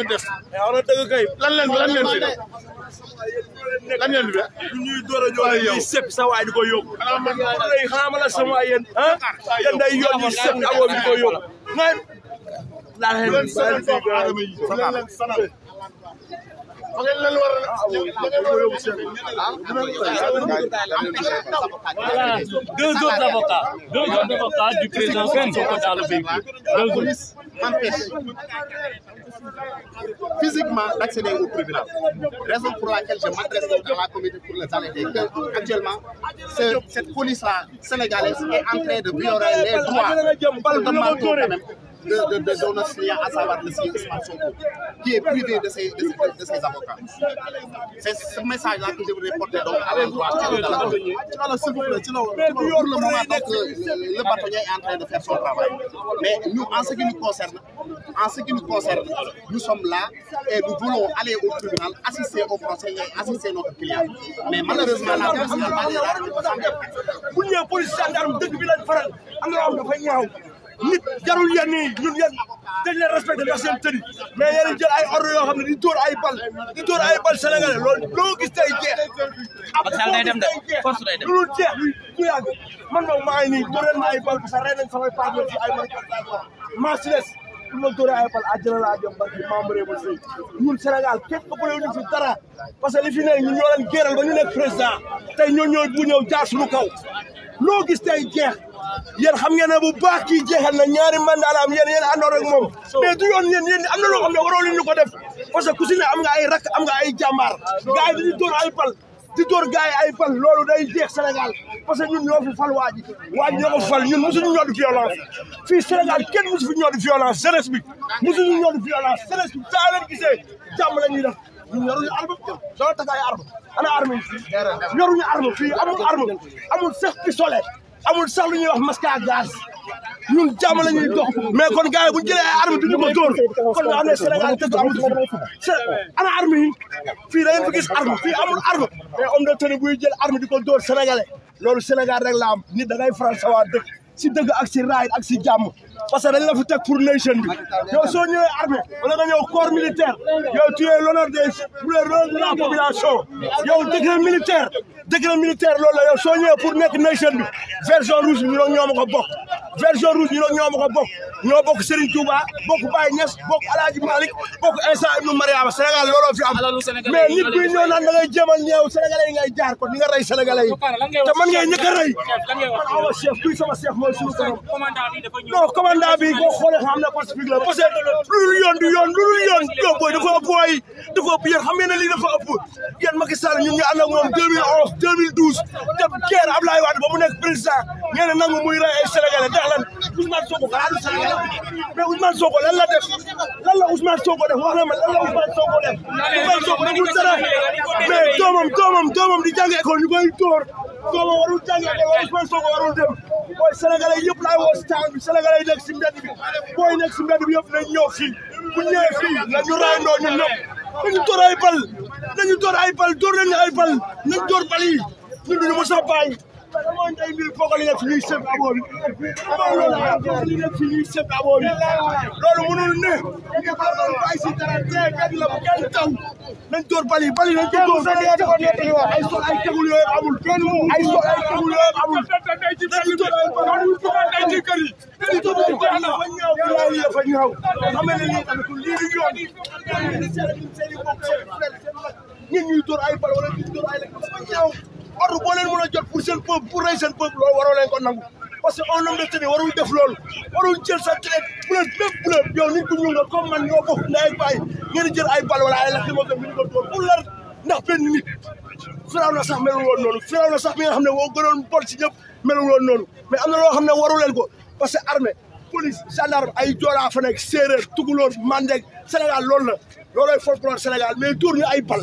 ngeen def. waaw wax dëgg kay. lan leen lan leen fi def. lan leen fi def. ñuy door a ñëw ñuy sëpp sa waay di ko yóbbu. xanaa ma la sama ay yéen. ah yéen day yoon ñuy sëpp awo bi di ko lan leen sanal doomu aadama ngeen leen war a voilà deux autres avocats deux autres avocats du président Ousmane Sonko dans le véhicule empêche physiquement d'accéder au tribunal raison pour laquelle je m'adresse à la communauté pour les arrêter que actuellement ce, cette police là sénégalaise est en train de violer les droits de de, de, de, notre client, à savoir le client Ousmane Sonko, qui privé de ses, avocats. C'est ce message-là que je voudrais porter donc à l'endroit. Pour le moment, donc, le, le bâtonnier est en de faire son travail. Mais nous, en ce qui nous concerne, en ce qui nous concerne, nous sommes là et nous voulons aller au tribunal, assister au conseil et assister notre client. Mais malheureusement, la police n'a pas les armes. nit jarul yenn yi ñun yéen dañ leen respecté ndax seen tëri mais yéen jël ay ordre yoo xam ne di dóor ay bal di dóor ay bal sénégalais loolu loo gis tey jeex. ak Sall day dem de force day dem lu jeex du yàgg man moom maa ngi nii dóor leen ay bal sax rey nañ samay paas ci ay ma si des pour ma dóoree ay bal àjjana laa jëm ba ci membre ba sëy ñun Sénégal képp ëppale ñu fi dara parce que li fi ne ñu ñoo leen géral ba ñu nekk président tey ñoo ñooy bu ñëw jaar suñu kaw loo gis tey jeex. yéen xam ngeen ne baax kii jeexal na ñaari mandat la am yéen yéen moom mais du yoon yéen na loo xam ne waroo ko def parce que ku si ne am nga ay rakk am nga ay jàmbaar gars yi dañuy ay pal di dóor gars ay pal loolu day jeex Sénégal parce que ñun ñoo fi fal waa ji waa ji ñoo ko fal ñun mosuñu ñoo di violence fii Sénégal kenn mosu fi ñoo di violence jeunesse bi mosuñu ñoo di violence jeunesse bi saa leen gisee jàmm ñun yoruñu arme doo takk ay arme ana arme amul sax lu ñuy wax masque à gaz ñun jàmm la ñuy dox mais kon gars yi bu jëlee ay armes duñu ko dóor kon nga xam ne Sénégal dëgg amatu ana arme yi fii da ngeen fi gis arme fii amul arme mais om de tenue buy jël arme di ko dóor sénégalais loolu Sénégal rek laam am nit da ngay faral sa waa dëkk si dëgg ak si raay ak si jàmm parce que dañ la fi teg pour nation bi yow soo ñëwee armée wala nga ñëw corps militaire yow tu es l'honneur des pour l'honneur de la population yow décret militaire décret militaire loolu la yow soo ñëwee pour nekk nation bi version rouge bi ñoo ñoo ko bokk version rouge ñu ne ñoo ma ko bokk ñoo bokk Serigne Touba bokk Baye Niass bokk El Hadj Malick bokk Insa Ibn Mariama Sénégal looloo fi am mais nit ñi ñoo naan da ngay jéem a ñëw jaar kon ni nga rey sénégalais yi te man a rey man awa chef kuy sama chef mooy suñu borom non commandant bi boo xoolee xam na pacifique la parce que lu dul yoon du yoon lu dul yoon yow booy dafa ëpp waay dafa ëpp yéen xam ngeen ne lii dafa ëpp yéen Macky Sall ñun ñu ànd ak moom 2011 2012 dem guerre Ablaye Wade ba mu ngeen nangu muy rey ay sénégalais ndax lan Ousmane Sonko xalaatu sénégalais mais Ousmane Sonko wax na ma lan la Ousmane Sonko def Ousmane Sonko deful dara mais doomam doomam doomam di jàng école ñu koy dóor doomam warul jàng école Ousmane Sonko warul dem booy sénégalais yëpp laay woo si taan bi sénégalais yi nekk si mbedd bi booy nekk si mbedd bi yëpp nañ ñëw fii bu ñëwee fii la ñu door ay bal dañu door ay bal door nañu ay door bal yi duñu mos a bàyyi Ramon day bi foog li nga fi ñuy sëb aboo bi Ramon li nga fi ñuy sëb aboo bi loolu mënul ne nga ko doon bàyyi si dara tee kenn la bu kenn taw nañ door bali bali nañ ko door ay sol ay tegul yooyu amul kenn mu ay sol ay tegul yooyu amul dañu door ay bali ko day ci kër yi dañu door ay bali fa ñaaw laay ya fa ñaaw amé ni li tamit li ñu yoon ñun ñuy door ay bal wala ñu door ay lekk fa ñaaw ordre boo leen mën a jot pour seen peuple pour rey seen peuple loolu waroo leen ko nangu parce que un homme warul def lool warul jël sa traite bleu même bleu nit ku ñuul man ñoo bokk ndey ak baay ngeen jël ay bal wala ay lakk ma gëm ñu ko lar ndax benn nit firaaw na sax melul woon noonu firaaw na sax mi nga xam ne woo gënoon bon si ñëpp melul woon noonu mais am na loo xam ne waru leen ko parce que armée police gendarme ay joolaa fa nekk séeréer tukulóor mandeg Sénégal loolu la loolooy folklore Sénégal mais dóor ñu ay bal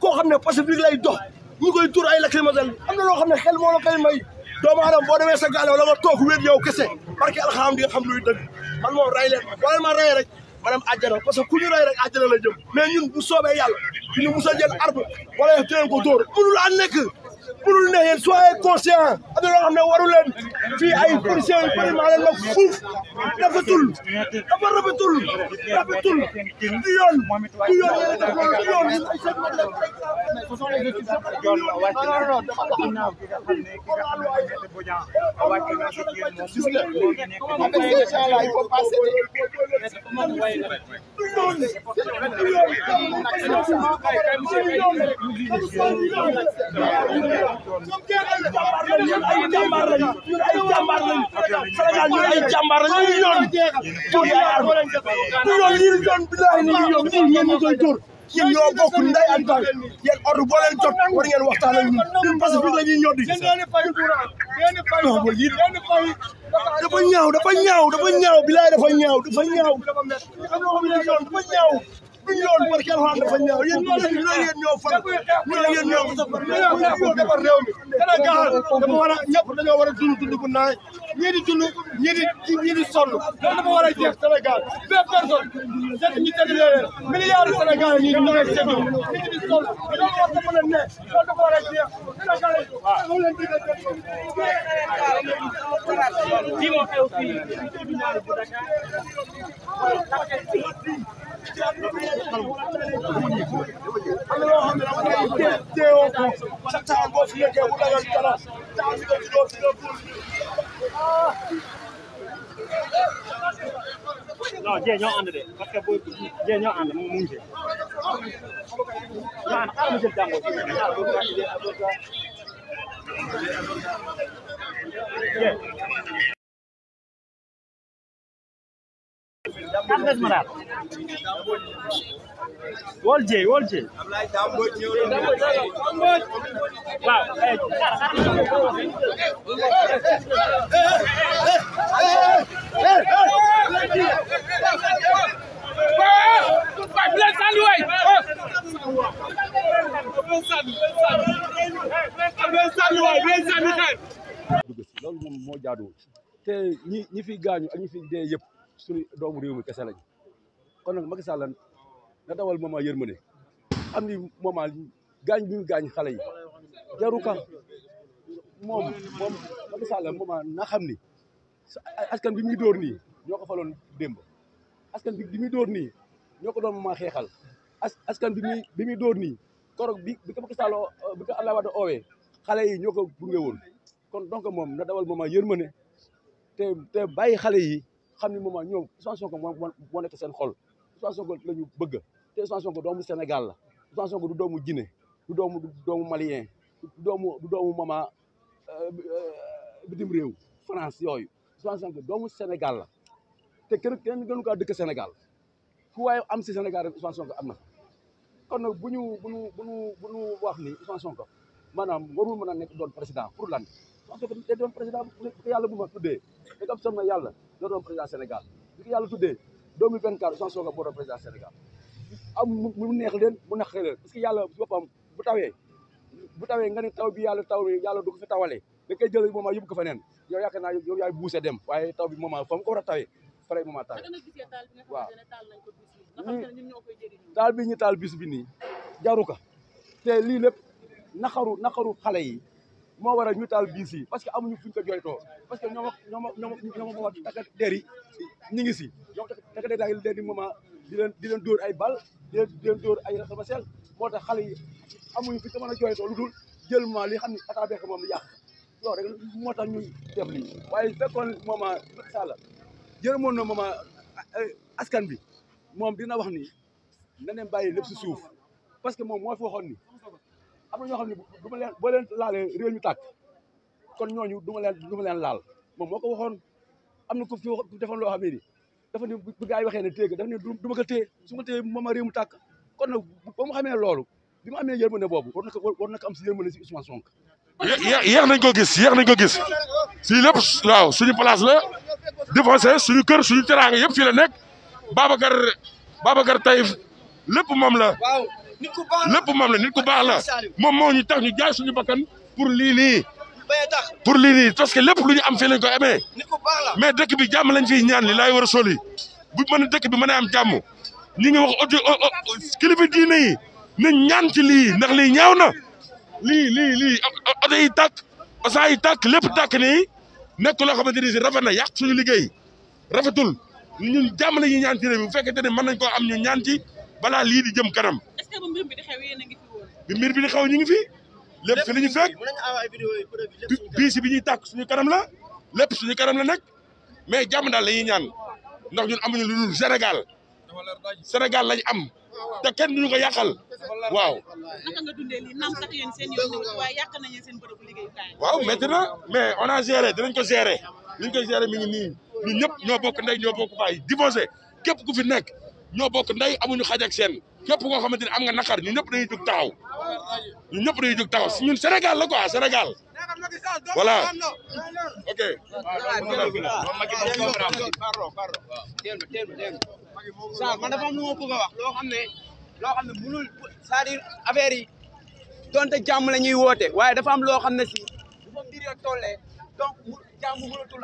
koo xam ne pacifique lay dox ñu koy tur ay lacrymogène am na loo xam ne xel moo la koy may doomu aadama boo demee sa gaale la nga toog wéet yow kese parce que alxam di nga xam luy dëgg man moom rey leen boo leen ma rey rek maanaam àjjana parce que ku ñu rey rek àjjana la jëm mais ñun bu soobee yàlla ñu musa jël arbre wala téen ko dóor mënul la nekk mënul ne yéen soyez conscient am na loo xam ne waru leen fii ay policiers yu bëri maa leen mag fuuf rafetul dafa rafetul rafetul du yoon du yoon yéen a def loolu du yoon yéen ay seen mag la Thank you. ñun ay jàmbaar lañu ñun ay jàmbaar lañu Sénégal ñun ay jàmbaar lañu ñu yoon tur ay arme ñu yoon lii yoon bi lay ñu yoon lii ngeen ñu koy tur yéen ñoo bokk ndey ak baay yéen ordre boo leen jot war ngeen waxtaan ak ñun parce que la ñuy ñor di dafa ñaaw dafa ñaaw dafa ñaaw bilaay dafa ñaaw dafa ñaaw dafa ñaaw du ñu yoon barke alxuraan dafa ñaaw yéen ñoo leen yéen ñoo far yéen ñoo ko defar réew mi dana gaal dafa war a ñëpp dañoo war a dund dund bu naay ñii di dund ñii di ñii di sonn loolu dafa war a jeex Sénégal vingt personnes sept ñu teg leen milliards de Sénégal ñii di nawet seetlu ñii di sonn loolu war na mën a ne loolu dafa war a jeex Sénégal yi waaw am na yoo xam ne dama koy dee deewoo ko sa taa boo fi yeggee bu dajoo ci dara taa bi nga juddoo fi nga tuur non jee ñoo ànd de parce que booy jee ñoo ànd mu ngi jee ñoo ànd xaaral ma jël jàngoo jee Campes Moral wol jeey wol jeey waaw loolu moom moo jaaduwul te ñi ñi fi gaañu ak ñi fi dee yëpp suñu doomu réew mi kese lañ kon nag Macky Sall na dawal moment yërmande am ni moment gaañ bi ñu gaañ xale yi jaru ka moom moom na xam ni askan bi muy dóor nii ñoo ko faloon démb askan bi muy dóor nii ñoo ko doon moment xeexal as askan bi muy bi muy dóor nii korog bi bi ko Macky bi ko Abdoulaye Wade oowee xale yi ñoo ko gunge kon donc moom na dawal moment yërmande te te bàyyi xale yi xam ni moment ñoom Ousmane Sonko moo moo nekk seen xol Ousmane Sonko la ñu bëgg te Ousmane Sonko doomu Sénégal la Ousmane Sonko du doomu Guinée du doomu du doomu Malien du doomu du doomu mama euh, bitim réew France yooyu Ousmane Sonko doomu Sénégal la te kenn kenn gënu kaa dëkk Sénégal fu waaye am si Sénégal rek Ousmane Sonko am na kon nag bu ñu bu ñu bu ñu bu ñu wax ni Ousmane Sonko maanaam warul mën a nekk doon président pour lan parce que da doon président yàlla bu ma tuddee da nga yàlla président Sénégal li ko yàlla tuddee 2024 Ousmane Sonko boo doon président Sénégal am mu neex leen mu naqare leen parce que yàlla boppam bu tawee bu tawee nga ne taw bi yàlla taw yàlla du fi tawale da koy jël moment yóbbu ko fa neen yow yaakaar naa yow yaay buuse dem waaye taw bi moment fa mu ko war a tawee pare moment tawee taal bi ñu taal bis bi nii jaru ka te lii lépp naqaru naxaru xale yi moo waral ñu taal biis yi parce que amuñu fuñ ko jooytoo parce que ñoom ak ñoom ak ñoom ak wax ñu ngi si ñoom takk der yi moom di moment di leen di ay bal di leen di leen dóor moo tax xale yi amuñu fuñ ko mën a jooytoo lu dul jël moment li xam ne ataa beek moom yàq loolu moo tax ñuy def lii waaye fekkoon moment Sall jërëmoon na moment askan bi moom dina wax ni na leen bàyyi lépp si suuf parce que moom moo fi waxoon am na ñoo xam ne du ma leen boo leen laalee réew mi tàkk kon ñooñu du ma leen du ma leen laal moom moo ko waxoon am na ku fi defoon loo xam ne ni dafa ne bu gars yi waxee ne téye ko dafa ne du ma ko téye su ma téye moom a réew mi tàkk kon nag xamee loolu bi mu amee yërmande boobu war na ko na ko am si yërmande si Ousmane Sonko. yéex nañ ko gis yéex nañ ko gis si lépp waaw suñu place la défoncé suñu kër suñu teraanga yëpp fii la nekk Babacar Babacar Taïf lépp moom la. lépp mam la nit ku baax la moom moo ñu tax ñu jaay suñu bakkan pour lii nii pour lii nii parce que lépp lu ñu am fii lañ ko amee mais dëkk bi jàmm lañ fi ñaan li laay war a soli bu mën dëkk bi mën a am jàmm ñi ngi wax audio oh, oh, kilifa diine yi nañ ñaan ci lii ndax lii ñaaw na lii lii lii oto yi tàkk osa yi tàkk lépp tàkk nii nekk loo xamante ni si rafet na yàq suñu liggéey rafetul ñun jàmm la ñaan ci réew mi bu fekkente ne mën nañ koo am ñu ñaan ci balaa lii di jëm kanam bi mbir bi di xaw ñu ngi fi lépp fi la ñu fekk bii bi ñuy tàkk suñu kanam la lépp suñu kanam la nag mais jàmm daal la ñuy ñaan ndax ñun amuñu lu dul Sénégal Sénégal lañ am te kenn ñu ko yàqal waaw. naka nga dundee lii naam kat yéen seen yoon waaye yàq nañu seen mais on a ko géré li ñu koy géré mi ngi nii ñun ñëpp ñoo bokk ndey ñoo bokk baay divorcé képp ku fi nekk ñoo bokk nday amuñu xaj seen képp koo xamante ne am nga naqar ñu ñëpp dañuy jug taxaw. ñun ñëpp dañuy jóg taxaw si ñun Sénégal la quoi Sénégal voilà ok. Sarr man dafa am lu ma bëgg a wax loo xam ne loo xam ne mënul cest affaire yi donte jàmm la woote waaye dafa am loo xam ne si bu ko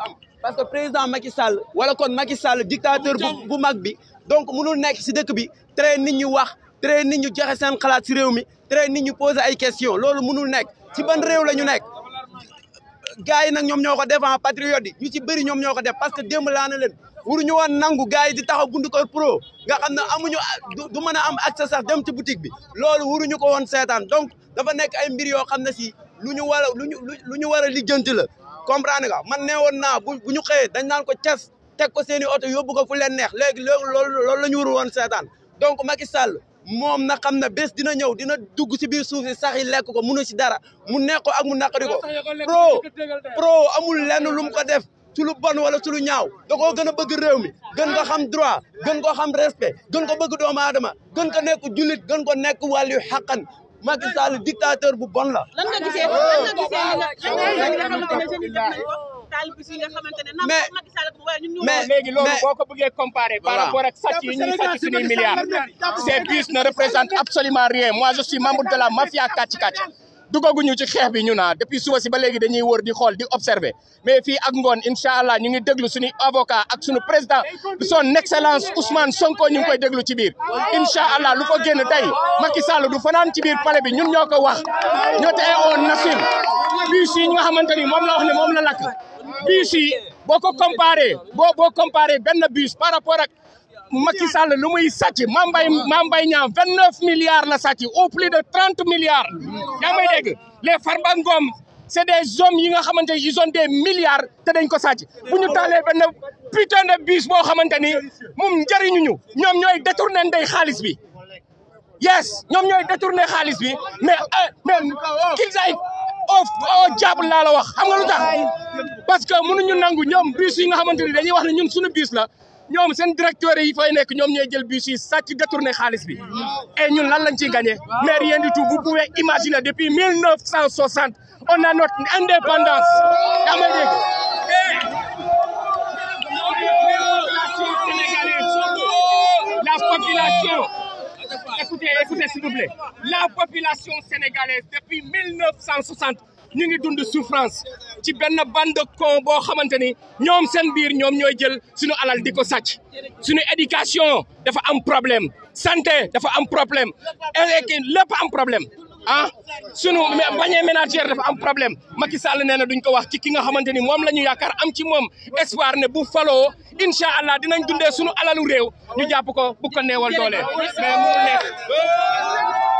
am. parce que président Macky Sall wala kon Macky Sall dictateur bu bu bi donc mënul nekk si dëkk bi tere nit ñi wax. tere nit ñu joxe seen xalaat si réew mi tere ni ñu poser ay question loolu mënul nekk si ban réew la ñu nekk gars yi nag ñoom ñoo ko défend patriote yi ñu ci bëri ñoom ñoo ko def parce que démb laa na leen waruñu woon nangu gars yi di taxaw buntu kër pro ga xam ne amuñu du mën a am accès sax dem ci boutique bi loolu waruñu ko woon seetaan donc dafa nekk ay mbir yoo xam ne si lu ñu war a luñu lu ñu war a lijjanti la comprendre nga man nee woon naa bu ñu xëyee dañ naan ko cas teg ko seen i yóbbu ko fu leen neex léegi loolu la ñu waru woon seetaan donc Macky Sall moom na xam na bés dina ñëw dina dugg si biir suuf si sax yi lekk ko munu si dara mu nekk ko ak mu naqari ko pro pro amul lenn lu ko def su lu bon wala su lu ñaaw da koo gën a bëgg réew mi gën ko xam droit gën ko xam respect gën ko bëgg doomu aadama gën ko nekk jullit gën ko nekk wàllu xàqan Macky Sall dictateur bu bon la. lan nga gisee lan nga taal bis yi nga xamante ne. mais léegi loolu boo ko bëggee comparer. par rapport ak sàcc yi ñuy sàcc suñuy milliards. ces bus ne représentent absolument rien moi je suis membre de la mafia kàcc kàcc. dugaguñu ci xeex bi ñu naa ah. depuis suba si ba léegi dañuy wër di xool di observer mais fii ak ngoon incha allah ñu ngi déglu suñu avocat ak sunu président soon son excellence Ousmane Sonko ñu ngi koy déglu ci biir. incha allah lu ko génn tey Macky Sall du fanaan ci biir palais bi ñun ñoo ko wax ñoo te on assume bus yi nga xamante ni moom la wax ne moom la lakk. bus boo ko comparé boo boo comparé benn bus par rapport ak Macky Sall lu muy sàcc Mame Mbaye Mame Mbaye Niang vingt neuf la sàcc au plus de trente milliards yaa may dégg les Farba Ngom c' est des hommes yi nga xamante ni ils ont des milliards te dañ ko sàcc bu ñu taalee benn putain de bus boo xamante ni moom njëriñuñu ñoom ñooy détourné ndey xaalis bi yes ñoom ñooy détourné xaalis bi mais euh, mais qu'ils aillent of oo oh, jàpp laa la wax xam nga lu tax parce que mënuñu nangu ñoom bus yi nga xamante ni dañuy wax ne ñun suñu bus la ñoom seen directeur yi fay nekk ñoom ñooy jël bus yi sàcc détourné xaalis bi et ñun lan lañ ciy gagné mais di tu tout vous pouvez imaginer depuis mille neuf cent o on a notre indépendance yaa may dégg eh! la population écoutez écoutez s'il vous plaît la population sénégalaise depuis 1960 ñu ngi dund souffrance ci benn bande con boo xamante ni ñoom seen biir ñoom ñooy jël suñu alal di ko sàcc suñu éducation dafa am problème santé dafa am problème et lépp am problème ah sunu bañee ménagère dafa am problème Macky Sall nee na duñ ko wax ci ki nga xamante ni moom la ñu yaakar am ci moom espoir ne bu faloo incha allah dinañ dundee sunu alalu réew ñu jàpp ko bu ko neewal doole mais mu nee